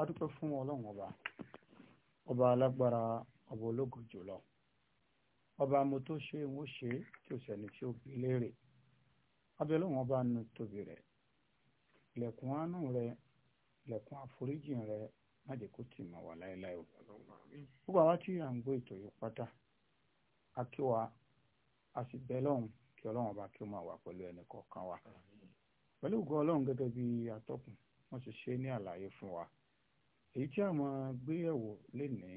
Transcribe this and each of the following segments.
a dúpẹ́ fún ọlọ́run ọba ọba alágbára ọba ológo jùlọ ọba mo tó ṣe ń ṣe tí ó sẹ́ni tí ó bí léèrè abẹ́ ọlọ́run ọba nu tóbi rẹ̀ ilẹ̀kùn àánú rẹ̀ ilẹ̀kùn àforíjì rẹ̀ má jẹ́ kó tì mà wá láéláé o gbogbo àwa tí à ń gbọ́ ètò yìí pátá a kí wa a sì bẹ́ lọ́hùn kí ọlọ́run ọba kí ó máa wà pẹ̀lú ẹnì kọ̀ọ̀kan wa pẹ̀lú ògo ọlọ́run gẹ́gẹ́ bí atọ́kùn wọ́n ti ṣe ní àlàyé fún wa èyí tí àwọn gbéyàwó lè ní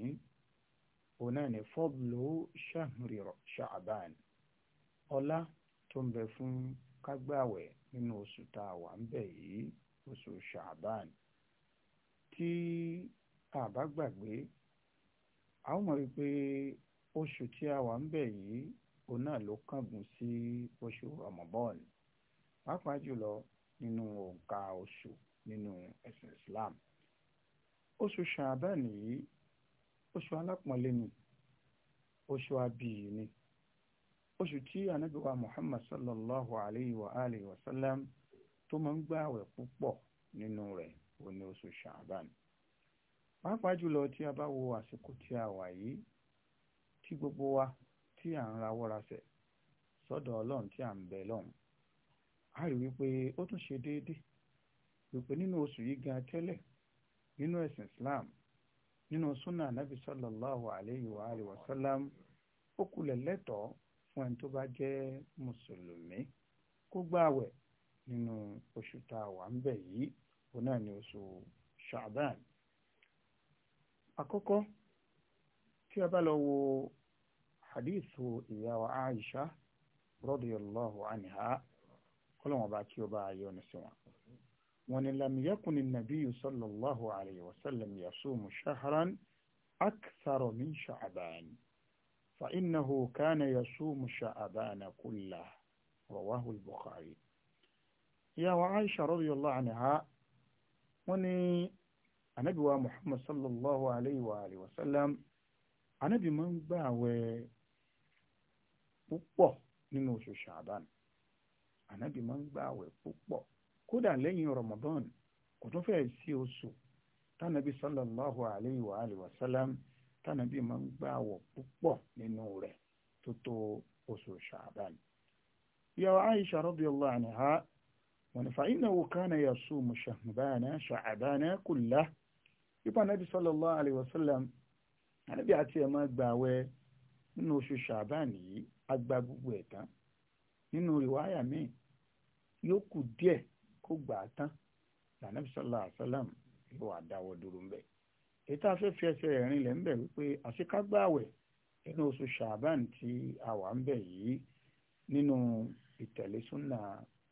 òun náà ní fọ́bùlù shahri sha'ban ọlá tó ń bẹ fún kágbàwẹ̀ nínú oṣù tá a wà ń bẹ̀ yìí oṣù sha'ban tí a bá gbàgbé a ó mọ̀ wípé oṣù tí a wà ń bẹ̀ yìí òun náà ló kángun sí oṣù ramadan pàápàá jùlọ nínú òǹkà oṣù nínú ẹ̀sìn Islam oṣù ṣàbẹ́ẹ̀ nìyí oṣù alápọ̀nlé ni oṣù abiyì ni oṣù tí anábíwá Muhammad sallallahu alayhi wa alihi wa sallam tó máa ń gbààwẹ̀ púpọ̀ nínú rẹ̀ òun ni oṣù ṣàbẹ́ẹ̀ ni pàápàá jùlọ tí a bá wo àsìkò tí a wà yìí tí gbogbo wa tí à ń rawọ́rasẹ̀ sọ́dọ̀ ọlọ́run tí à ń bẹ lọ́hùn a rí wípé ó tún ṣe déédéé wípé nínú oṣù yìí gan tẹ́lẹ̀ nínú ẹ̀sìn Islam nínú súnà anábì sallallahu alayhi wa alihi wa sallam ó kulẹ̀ lẹ́tọ̀ọ́ fún ẹni tó bá jẹ́ mùsùlùmí kó gbààwẹ̀ nínú oṣù tá a wà ń bẹ̀ yìí òun náà ni oṣù Sha'ban. àkọ́kọ́ tí a bá lọ wo hadithu ìyá wa Aisha radiyallahu anha kọ́lọ́wọ́n bá kí o bá yọ ní sí wọn wọn ni lam yakun an-nabiyyu sallallahu alayhi wa sallam yasumu shahran akthara min sha'ban fa innahu kana yasumu sha'bana kullahu rawahu al-bukhari ìyá wa aisha radiyallahu anha wọ́n ní anabi wa muhammad sallallahu alayhi wa alihi wa sallam anabi máa ń gbà àwẹ̀ púpọ̀ nínú oṣù anabi máa ń gbà àwẹ̀ kódà lẹ́yìn Ramadan kò tún fẹ́ẹ̀ sí oṣù tánàbí sallallahu alayhi wa alayhi wa sallam tánàbí máa ń gbà àwọ̀ púpọ̀ nínú rẹ̀ tó tó oṣù Sha'ban. ìyàwó Aisha radiyallahu anha wọn ni fa'innahu kana yasumu shahbana Sha'bana kullah ipa nàbí sallallahu alayhi wa sallam ànábì àti ẹ̀ máa gbà àwẹ̀ nínú oṣù Sha'ban yìí agbá gbogbo ẹ̀ tán nínú rìwáyà míì yóò kù díẹ̀ kó gbà á tán lànàbí sọlá àṣálàm yóò wá dáwọ́ dúró ń bẹ̀. ètò afẹ́fẹ́ ẹsẹ̀ rẹ̀ rinlẹ̀ ń bẹ̀ wípé àṣekágbáwẹ̀ nínú oṣù ṣàbán tí a wà ń bẹ̀ yìí nínú ìtẹ̀lé súnà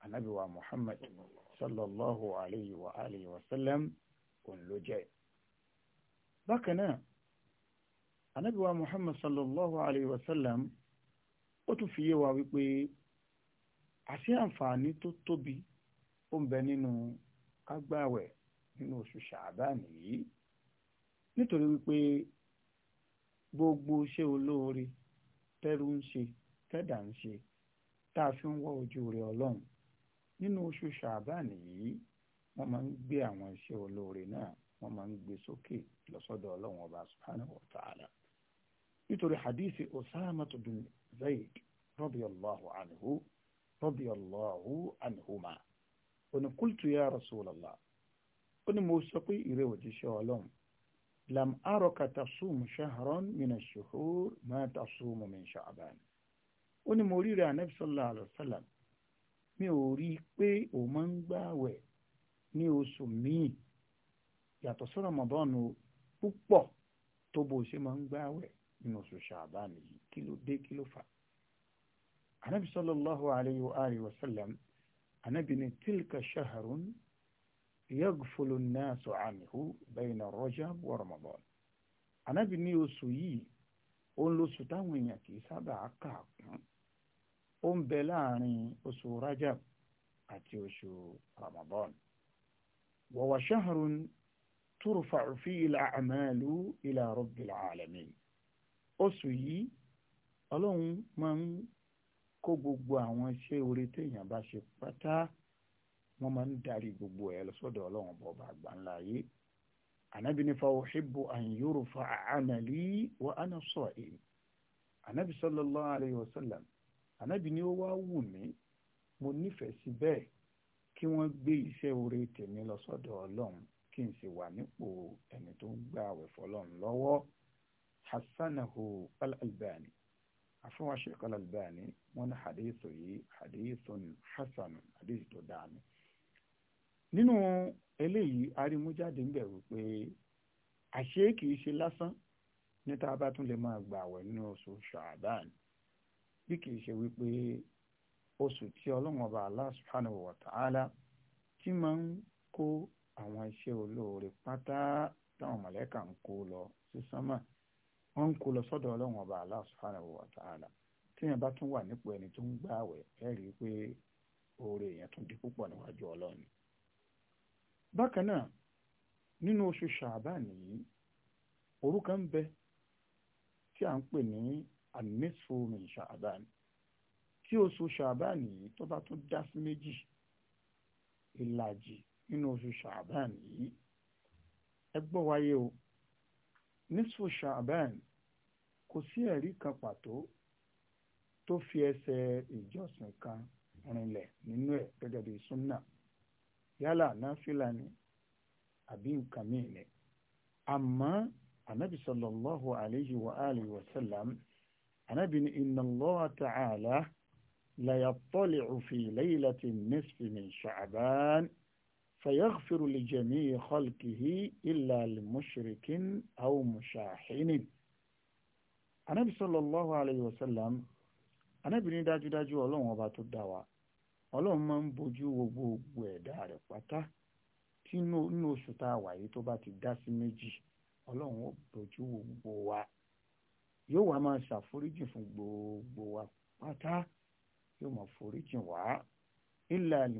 anábìwá muhammad sallallahu alayhi wa alayhi wa sallam òun ló jẹ́. bákan náà anábìwá muhammad sallallahu alayhi wa sallam ó tún fi yé wa wípé àṣé àǹfààní tó tóbi ó ń bẹ nínú kágbáwẹ̀ nínú oṣù ṣàbáàní yìí nítorí wípé gbogbo iṣẹ́ olóore tẹ́rù ń ṣe tẹ́dà ń ṣe tá a fi ń wá ojú rẹ ọlọ́run nínú oṣù ṣàbáàní yìí wọ́n máa ń gbé àwọn iṣẹ́ olóore náà wọ́n máa ń gbé sókè lọ́sọ́dọ̀ ọlọ́run ọba subhanahu wa nítorí hadithi osama bin zayd radiyallahu anhu radiyallahu anhuma ó ní kúlùtù ya Rasulullah ó ní mo sọ pé ìrẹ òjíṣẹ́ Ọlọ́run lam araka tasumu shahran min ash-shuhur ma tasumu min Sha'ban ó ní mo rí rẹ anabi sallallahu alayhi wa sallam mi ò rí i pé o máa ń gbààwẹ̀ ní oṣù míì yàtọ̀ sí Ramadan púpọ̀ tó bó ṣe máa ń gbààwẹ̀ nínú oṣù Sha'ban yìí kí ló dé kí ló fà anabi sallallahu alayhi wa anabi ni tilka shaharun yagfulu naasu anhu bayna rajab wa ramadan anabi ni oṣù yìí òun lóṣù táwọn èèyàn kì í sábà kà kún ó ń bẹ láàrin oṣù rajab àti oṣù ramadan wa wa shaharun turfa'u fihi al ila rabbil alamin oṣù yìí ọlọ́run máa kó gbogbo àwọn iṣẹ́ orí téèyàn bá ṣe pátá wọ́n máa ń darí gbogbo ẹ̀ lọ́sọ̀dọ̀ ọlọ́run bọ̀ọ̀bà àgbáńlá ayé ànábì ní fa uhibbu an yurfa amali wa ana sa'im ànábì sallallahu alayhi wa sallam ànábì ní ó wá wù mí mo nífẹ̀ẹ́ sí bẹ́ẹ̀ kí wọ́n gbé iṣẹ́ orí tèmi lọ́sọ̀dọ̀ ọlọ́run kí n sì wà nípò ẹni tó ń gbà àwẹ̀ fọlọ́run lọ́wọ́ hasanahu al afúnwa Sheikh Al-Albani wọ́n ní hadithu yìí hadithu ni hasan hadithu tó dáa ni nínú eléyìí arimújáde ń bẹ̀ wípé àṣé kìí ṣe lásán níta bá tún lè máa gbà wẹ̀ nínú oṣù Sha'ban bí kìí ṣe wípé oṣù tí ọlọ́run ọba Allah subhanahu tí máa ń kó àwọn iṣẹ́ olóore pátá táwọn mọ̀lẹ́kà ń kó lọ sí sánmà. Si wọ́n ń kó lọ sọ́dọ̀ ọlọ́run ọba Allah subhanahu wa ta'ala tí yẹn bá tún wà nípò ẹni tó ń gbààwẹ̀ ẹ rí i pé oore yẹn tún di púpọ̀ níwájú ọlọ́run. bákan náà nínú oṣù ṣàbán yìí òru kan ń bẹ tí à ń pè ní anisfu min ṣàbán tí oṣù ṣàbán yìí tó bá tún dá sí méjì ìlàjì nínú oṣù ṣàbán yìí ẹ wáyé o nisfu sha'ban kò sí ẹ̀rí kan pàtó tó fi ẹsẹ̀ ìjọsìn kan rinlẹ̀ nínú ẹ̀ gẹ́gẹ́ bí súnà yálà náfìlà ni àbí nǹkan míì ni àmọ́ anabi sallallahu alayhi wa alihi wa sallam anabi ni inna allaha ta'ala la yattali'u fi laylati nisfi min sha'ban. فيغفر لجميع خلقه إلا لمشرك أو مشاحن Ànábì sallallahu الله عليه وسلم Ànábì ní داجو Ọlọ́run ọba tó dá wa Ọlọ́run máa ń bójú wo gbogbo ẹ̀dá rẹ̀ pátá tí inú oṣù tá a wà yìí tó bá ti dá sí méjì Ọlọ́run ó bójú wo gbogbo wa yóò wá máa ṣàforíjì fún gbogbo wa pátá yóò máa foríjì wá illa li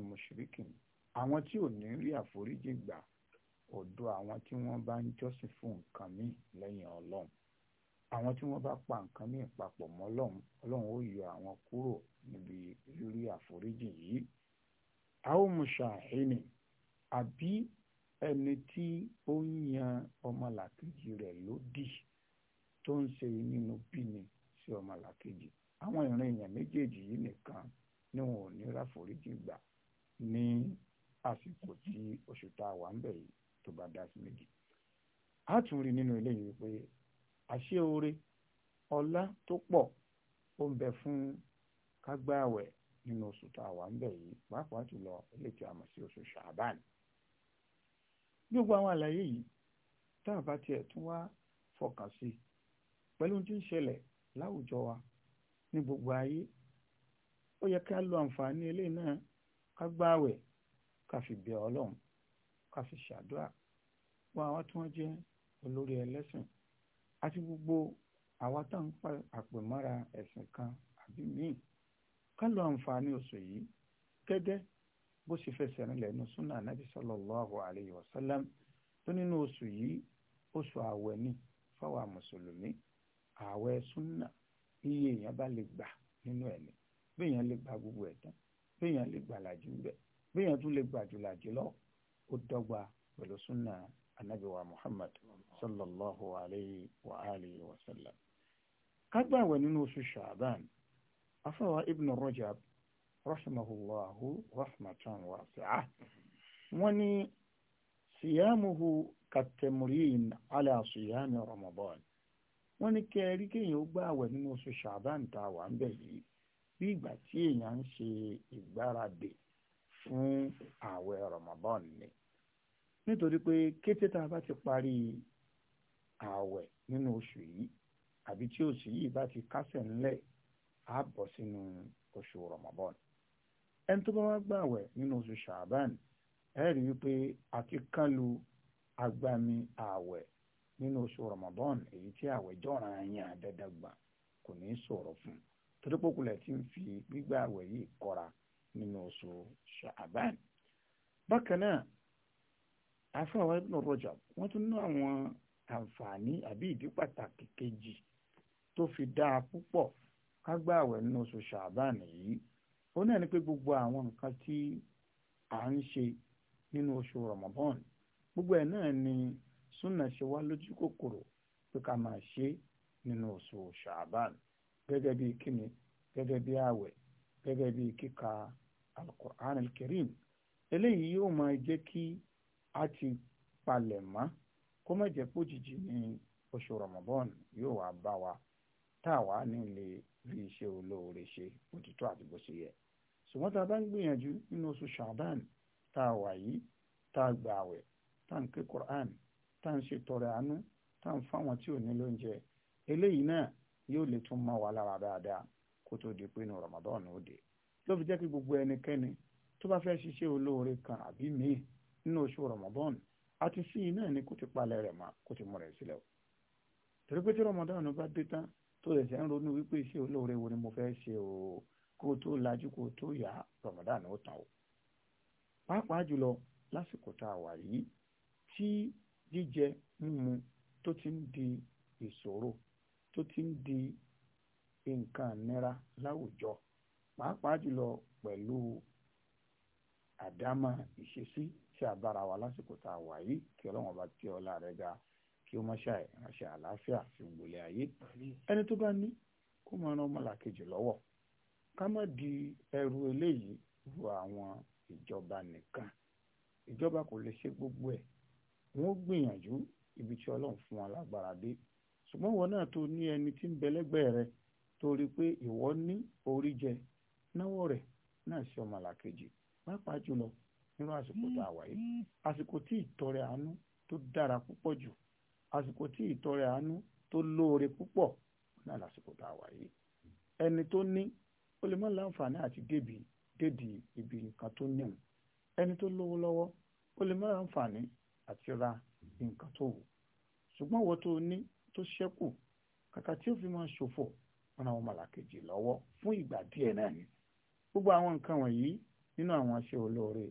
àwọn tí ò ní rí àforíjì gbà ọ̀dọ̀ àwọn tí wọ́n bá ń jọ́sìn fún nǹkan míì lẹ́yìn ọlọ́run àwọn tí wọ́n bá pa nǹkan míì papọ̀ mọ́ ọlọ́run ọlọ́run ó yọ àwọn kúrò níbi rírí àforíjì yìí a ó mú ṣàhínì àbí ẹni tí ó ń yan ọmọlàkejì rẹ̀ lódì tó ń ṣe nínú bíni sí ọmọlàkejì àwọn ìran èèyàn méjèèjì yìí nìkan ni wọn ò ní ráforíjì gbà ní àsìkò tí oṣù tá a wà ń bẹ̀ yìí tó bá dá sí méjì. a tún rí nínú eléyìí wípé àṣé oore ọlá tó pọ̀ ó ń bẹ fún kágbáwẹ̀ nínú oṣù tá a wà ń bẹ̀ yìí pàápàá jùlọ eléyìí tí a mọ̀ sí oṣù ṣàbán. gbogbo àwọn àlàyé yìí tá a bá tiẹ̀ tún wá fọkàn sí pẹ̀lú tí ń ṣẹlẹ̀ láwùjọ wa ní gbogbo ayé ó yẹ ká lo àǹfààní eléyìí náà kágbáwẹ̀ ká fi bẹ ọlọ́run ká fi ṣàdúrà fún àwọn tí wọ́n jẹ́ olórí ẹlẹ́sìn àti gbogbo àwa tá à ń pa àpèmọ́ra ẹ̀sìn kan àbí míì ká lo àǹfààní oṣù yìí gẹ́gẹ́ bó ṣe fẹsẹ̀ rinlẹ̀ nínú súnà anábì sallallahu alayhi wa sallam tó nínú oṣù yìí oṣù ààwẹ̀ ni fáwọn mùsùlùmí ààwẹ̀ súnà iye èèyàn bá lè gbà nínú ẹ̀ ni bí èèyàn lè gba gbogbo ẹ̀ tán bí èèyàn lè gbàlàjú bẹ́ẹ̀ bíyàn tún lè gbàjùlà jùlọ ó dọ́gba pẹ̀lú súnà anábìwá muhammad sallallahu alayhi wa alihi wa sallam. kágbàwẹ̀ nínú oṣù sha'ban afọwà ibn rajab rahimahullahu rahmatan wasi'ah wọ́n ní siyamuhu katamurin ala siyami ramadan wọ́n ní kẹrí kéèyàn ó gbàwẹ̀ nínú oṣù sha'ban tá a wà ń bẹ̀ yìí bí ìgbà tí èèyàn ń ṣe ìgbáradì fún ààwẹ̀ Ramadan ni nítorí pé kété tá a bá ti parí ààwẹ̀ nínú oṣù yìí àbí tí oṣù yìí bá ti kásẹ̀ ńlẹ̀ á bọ̀ sínú oṣù Ramadan ẹni tó bá wá gbààwẹ̀ nínú oṣù Ṣàbán ẹ rí i àti kánlu agbami ààwẹ̀ nínú oṣù Ramadan èyí tí ààwẹ̀ jọra yàn dandan kò ní í fún torí pé kò ti ń fi gbígbà ààwẹ̀ yìí kọ́ra nínú oṣù ṣàbán bákan náà afáwa ibn Rajab wọ́n tún ní àwọn àǹfààní àbí ìdí pàtàkì kejì tó fi dáa púpọ̀ ká gba àwẹ̀ nínú oṣù ṣàbán yìí ó náà ní pé gbogbo àwọn nǹkan tí à ń ṣe nínú oṣù Ramadan gbogbo ẹ̀ náà ni súnà ṣe wá lójú kòkòrò pé ká máa ṣe nínú oṣù ṣàbán gẹ́gẹ́ bí kíni gẹ́gẹ́ bí àwẹ̀ gẹ́gẹ́ bí kíka alukur'an alkarim eléyìí yóò máa jẹ́ kí a ti palẹ̀ mọ́ kó má jẹ́ pójìjì ní oṣù ramadan yóò wá bá wa tá a wà ní ilé rí iṣẹ́ olóore ṣe òtítọ́ àti bó ṣe yẹ ṣùgbọ́n tá a bá ń gbìyànjú nínú oṣù shaban tá a wà yìí tá a gbà àwẹ̀ tá a quran tá a ń ṣètọrẹ àánú tá a ń fáwọn tí ò ní lóúnjẹ ramadan ó ló fi jẹ́ kí gbogbo ẹnikẹ́ni tó bá fẹ́ ṣiṣẹ́ olóore kan àbí míì nínú oṣù Ramadan àti sí iná ẹni kò ti palẹ̀ rẹ̀ mọ́ kò ti mú rẹ̀ sílẹ̀ o torí pé tí Ramadan bá dé tán tó lè ṣe ń ronú wípé iṣẹ́ olóore wo ni mo fẹ́ ṣe o kó o tó lajú kó o tó yá Ramadan ó tán o pàápàá jùlọ lásìkò tá a wà yìí tí jíjẹ mímu tó ti ń di ìṣòro tó ti ń di nǹkan nira láwùjọ pàápàá jùlọ pẹ̀lú àdámà ìṣesí tí a bára wa lásìkò tá a wà yìí kí ọlọ́run ọba tí ọlá rẹ̀ ga kí ó mọ́ṣá ẹ̀ ránṣẹ́ àlàáfíà sí gbòòlé ayé ẹni tó bá ní kó máa ran ọmọlàkejì lọ́wọ́ ká má di ẹrù eléyìí ru àwọn ìjọba nìkan ìjọba kò lè ṣe gbogbo ẹ̀ wọ́n gbìyànjú ibi tí ọlọ́run fún wọn lágbára dé ṣùgbọ́n wọn náà tó ní ẹni tí ń bẹ lẹ́gbẹ̀ẹ́ rẹ torí pé ìwọ ní orí jẹ náwó rẹ̀ náà sí ọmọ làkejì pàápàá jùlọ nínú àsìkò tá a wà yìí àsìkò tí ìtọrẹ àánú tó dára púpọ̀ jù àsìkò tí ìtọrẹ àánú tó lóore púpọ̀ náà lásìkò tá a wà yìí ẹni tó ní ó lè má láǹfààní àti débi dédi ibi nǹkan tó níwò ẹni tó lówó lọ́wọ́ ó lè má láǹfààní àti ra nǹkan tó wù ṣùgbọ́n wọ́n tó ní tó ṣẹ́kù kàkà tí ó fi máa ṣòfò wọn àwọn ọmọlàkejì lọ́wọ́ fún ìgbà díẹ̀ náà ni gbogbo àwọn nǹkan wọ̀nyí nínú àwọn aṣẹ́ olóore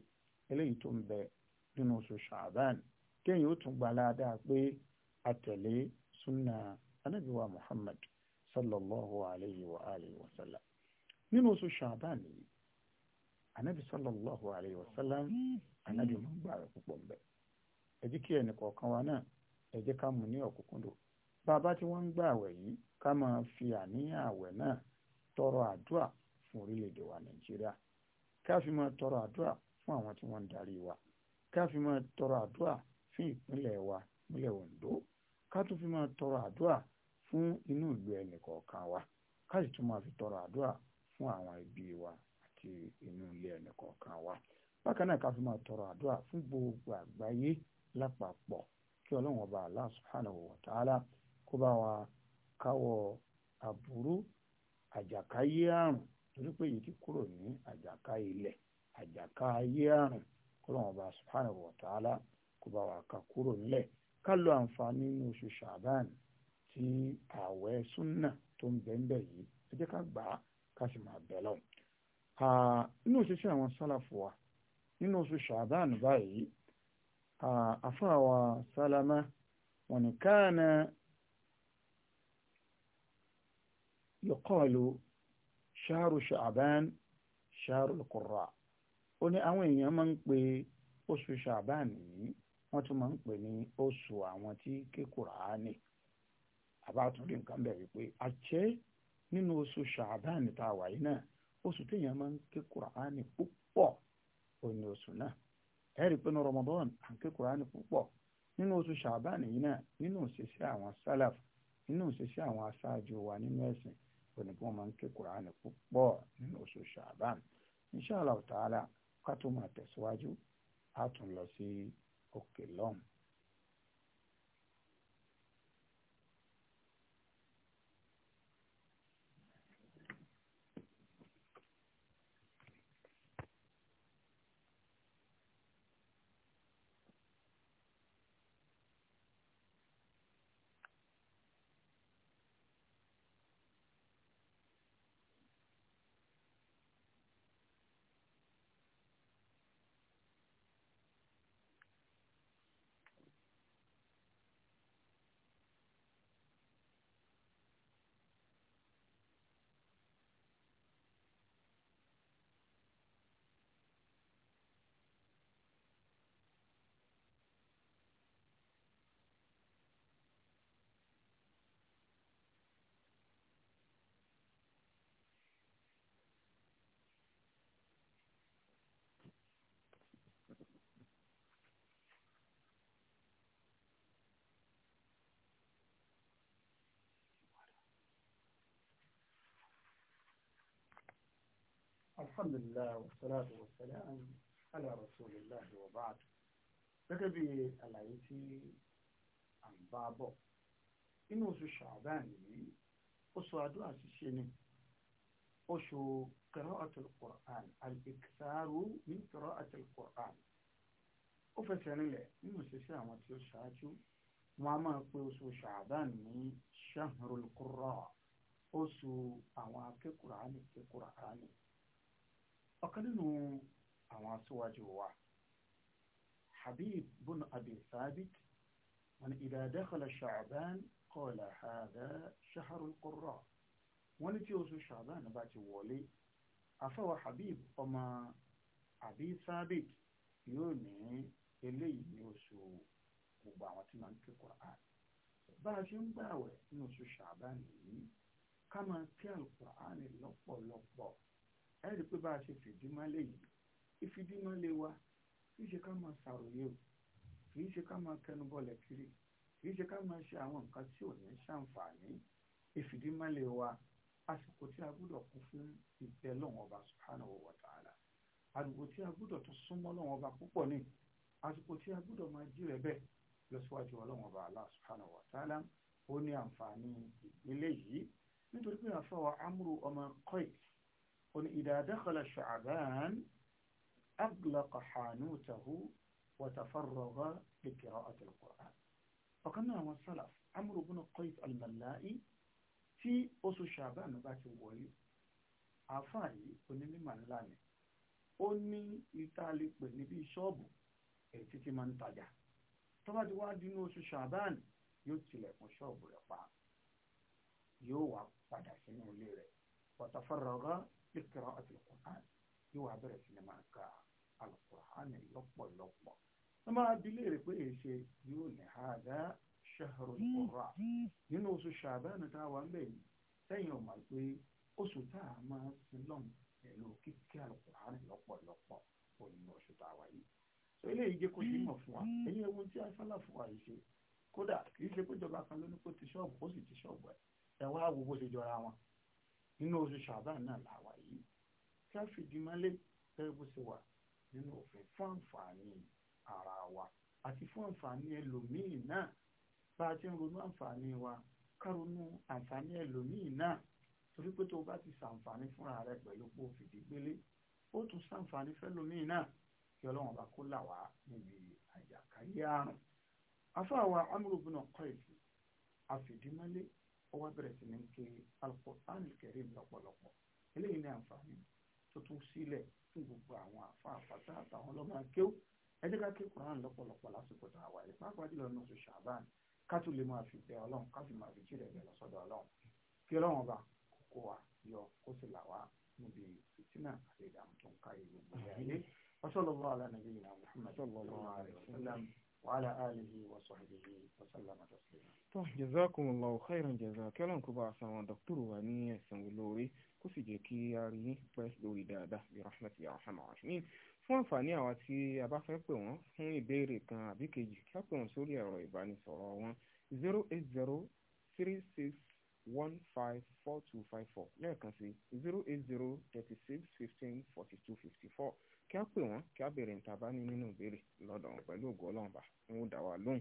eléyìí tó ń bẹ nínú oṣù ṣàbán kéèyàn ó tún gba ládàá pé àtẹ̀lé sunna anábìwá muhammad sallallahu alayhi wa alayhi wa sallam nínú oṣù ṣàbán yìí anábì sallallahu alayhi wa sallam anábì máa ń gbà rẹ̀ púpọ̀ ń bẹ ẹ jẹ́ kí ẹnì kọ̀ọ̀kan wa náà ẹ jẹ́ ká mú ní ọ̀kúnkúndùn bàbá tí wọ́n ń gbà àwẹ̀ yìí ká máa fi àníyàn àwẹ̀ náà tọrọ àdúrà fún orílẹ̀-èdè wa nàìjíríà ká fi máa tọrọ àdúrà fún àwọn tí wọ́n ń darí wa ká fi máa tọrọ àdúrà fún ìpínlẹ̀ wa ìpínlẹ̀ Ondo ká tún fi máa tọrọ àdúrà fún inú ìlú ẹnì kọ̀ọ̀kan wa ká sì tún máa fi tọrọ àdúrà fún àwọn ẹbí wa àti inú ilé ẹnì kọ̀ọ̀kan wa bákan náà ká máa tọrọ àdúrà fún gbogbo àgbáyé lápapọ̀ kí ọlọ́run ọba Allah subhanahu àjàkáyé àrùn torí pé èyí ti kúrò ní àjàká ilẹ̀ àjàká ayé àrùn kọlọ́wọ́n bá subhanahu wa ta'ala kó bá wà ká kúrò nílẹ̀ ká lo àǹfààní ní oṣù ṣàbán tí ààwẹ̀ súnà tó ń bẹ yìí ẹ jẹ́ ká gbà á ká sì máa bẹ̀ lọ. nínú òṣìṣẹ́ àwọn sálàfù wa nínú oṣù ṣàbán báyìí àfáàwà sálámà wọn ni káàna yọkọ́ lo. ṣáàrù ṣàbán ṣáàrù kùrà ó ní àwọn èèyàn máa ń pe oṣù ṣàbán yìí wọ́n tún máa ń pè ní oṣù àwọn tí ké Kùránì àbátúndì nǹkan bẹ̀ wípé àṣẹ nínú oṣù tá a wà yìí náà oṣù téèyàn máa ń ké púpọ̀ ó ní oṣù náà ẹ̀rí pé ní Ramadan à ń ké Kùránì púpọ̀ nínú oṣù ṣàbán yìí náà nínú òṣìṣẹ́ àwọn sálàf nínú òṣìṣẹ́ àwọn aṣáájú wa nínú òní kí wọ́n máa ń ké kùránì púpọ̀ nínú oṣù ṣàbán insha Allah ta'ala ká tó máa tẹ̀síwájú á tún lọ sí òkè lọ́hùn alhamdulillah wasalaatu wasalaam ala rasulillah wa baad gẹ́gẹ́ bí àlàyé tí à ń bá bọ̀ inú oṣù ṣàbán yìí oṣù àdúrà ṣíṣe ni oṣù qira'atul qur'an al-iktharu min qira'atul qur'an ó fẹsẹ̀ rinlẹ̀ nínú ṣiṣẹ́ àwọn tí ó ṣáájú wọn a máa pe oṣù ṣàbán ní shahrul qurra oṣù àwọn akẹ́kọ̀ọ́ àánì kẹ́kọ̀ọ́ àánì ọ̀kan nínú àwọn aṣíwájú wa habib bun abi sabit wọn idha dakhala sha'ban qala hadha shahrul qurra wọn ní tí oṣù sha'ban bá ti wọlé afẹ́wà habib ọmọ abi sabit yóò ní eléyìí ní oṣù gbogbo àwọn tí máa ń ké Qur'an bá a ṣe ń gbààwẹ̀ ní oṣù sha'ban yìí ká máa ké al-Qur'an lọ́pọ̀lọpọ̀ ẹ rí i pé bá a ṣe fìdímọ́lẹ̀ yìí ìfìdímọ́lẹ̀ wa kì í ṣe ká máa ṣàròyé o kì í ṣe ká máa kẹnubọ̀lẹ̀ kiri kì í ṣe ká máa ṣe àwọn nǹkan tí ò ní ṣàǹfààní ìfìdímọ́lẹ̀ wa àsìkò tí a gbọ́dọ̀ kún fún ìbẹ́ lọ́wọ́ ọba subhanahu wa ta'ala àsìkò tí a gbọ́dọ̀ tún súnmọ́ lọ́wọ́ ọba púpọ̀ ní àsìkò tí a gbọ́dọ̀ máa jí rẹ̀ bẹ́ẹ̀ lọ́síwájú ọlọ́wọ́ ọba Allah subhanahu wa ta'ala ó ní àǹfààní ìpínlẹ̀ yìí nítorí pé àfọwọ́ amúrú ọmọ kọ́ìtì قل إذا دخل شعبان أغلق حانوته وتفرغ لقراءة القرآن فقلنا هو السلف عمرو بن قيس الملائي في أسو شعبان باتي وولي àfààní onímọ̀ ńlá ni ó ní ìtàlẹ̀ pè níbi ṣọ́ọ̀bù èyí títí máa ń tajà tó bá ti wá dínú oṣù ṣàbán yóò tilẹ̀kùn ṣọ́ọ̀bù rẹ̀ pa yóò wá padà sínú ilé rẹ̀ pọ̀tàfọ́rọ̀gá لقراءة القرآن yóò wá bẹ̀rẹ̀ sí ni máa ka alukur'ani lọ́pọ̀lọpọ̀ ẹ máa bi léèrè pé èṣe yóò ní hàdá ṣahru qurra nínú oṣù ṣàbẹ́ẹ̀nù tá a wà ń bẹ̀ yìí sẹ́yìn ọ̀mà pé oṣù tá a máa sin lọ́n pẹ̀lú kíkí alukur'ani lọ́pọ̀lọpọ̀ òní oṣù tá a wà yìí sọ eléyìí jẹ́ kó yín mọ̀ fún wa ẹ̀yin ewu tí afẹ́lá fún wa yìí ṣe kódà kì í ṣe pé ìjọba kan ló ní kó ti ṣọ́ọ̀bù ó sì ti ṣọ́ọ̀bù ẹ̀ ẹ̀ wá wo bó ṣe jọra wọn nínú oṣù ṣàbáà náà làwà yìí kí a fìdí mọ́lẹ̀ gẹ́gẹ́ bó ṣe wà nínú òfin fún àǹfààní ara wa àti fún àǹfààní ẹlòmíì náà bá a ti ń ronú àǹfààní wa ká ronú àǹfààní ẹlòmíì náà torí pé tó o bá ti ṣàǹfààní fúnra rẹ pẹ̀lú pé o fìdí gbélé ó tún ṣàǹfààní fẹ́lòmíì náà kí ọlọ́run bá kó là níbi àjàkáyé àrùn afáwa amúròbùnà kọ́ ìfì àfìdímọ́lé ó wá bẹ̀rẹ̀ sí ní ké Al-Qur'an Karim lọ́pọ̀lọpọ̀ eléyìí ní àǹfààní tó tún sílẹ̀ fún gbogbo àwọn àfa àfàtà àtàwọn ọlọ́mọ akéwò ẹ jẹ́ ká ké Qur'an lọ́pọ̀lọpọ̀ lásìkò tá a wà yìí pàápàá jùlọ ní oṣù Ṣàbán ká tún lè máa fi bẹ Ọlọ́run ká máa fi jí rẹ̀ bẹ̀ Ọlọ́run kí Ọlọ́run ọba kókó wa yọ kó sì là wá níbi fìtínà àti ìdààmú tó ń ká gbogbo ayé wàhálà àlèyé wàsọ̀hìlèyé wàsálàmà tàṣílẹ̀. tó jazakumullahu khairan jaza kẹlọ́n kó bá a san àwọn dọ́kítọ̀rù wa ní ẹ̀sìn olóore kó sì jẹ́ kí a rí pẹ́ lórí dáadáa bí rahmatu ya rahman rahim fún àǹfààní àwa tí a bá fẹ́ pè wọ́n fún ìbéèrè kan àbí kejì kí a pè wọ́n sórí ẹ̀rọ ìbánisọ̀rọ̀ wọn zero eight zero three kí á pè wọ́n kí á béèrè níta bá ní nínú ìbéèrè lọ́dọ̀ wọn pẹ̀lú ògo ọlọ́run bá ń dá wa lóhùn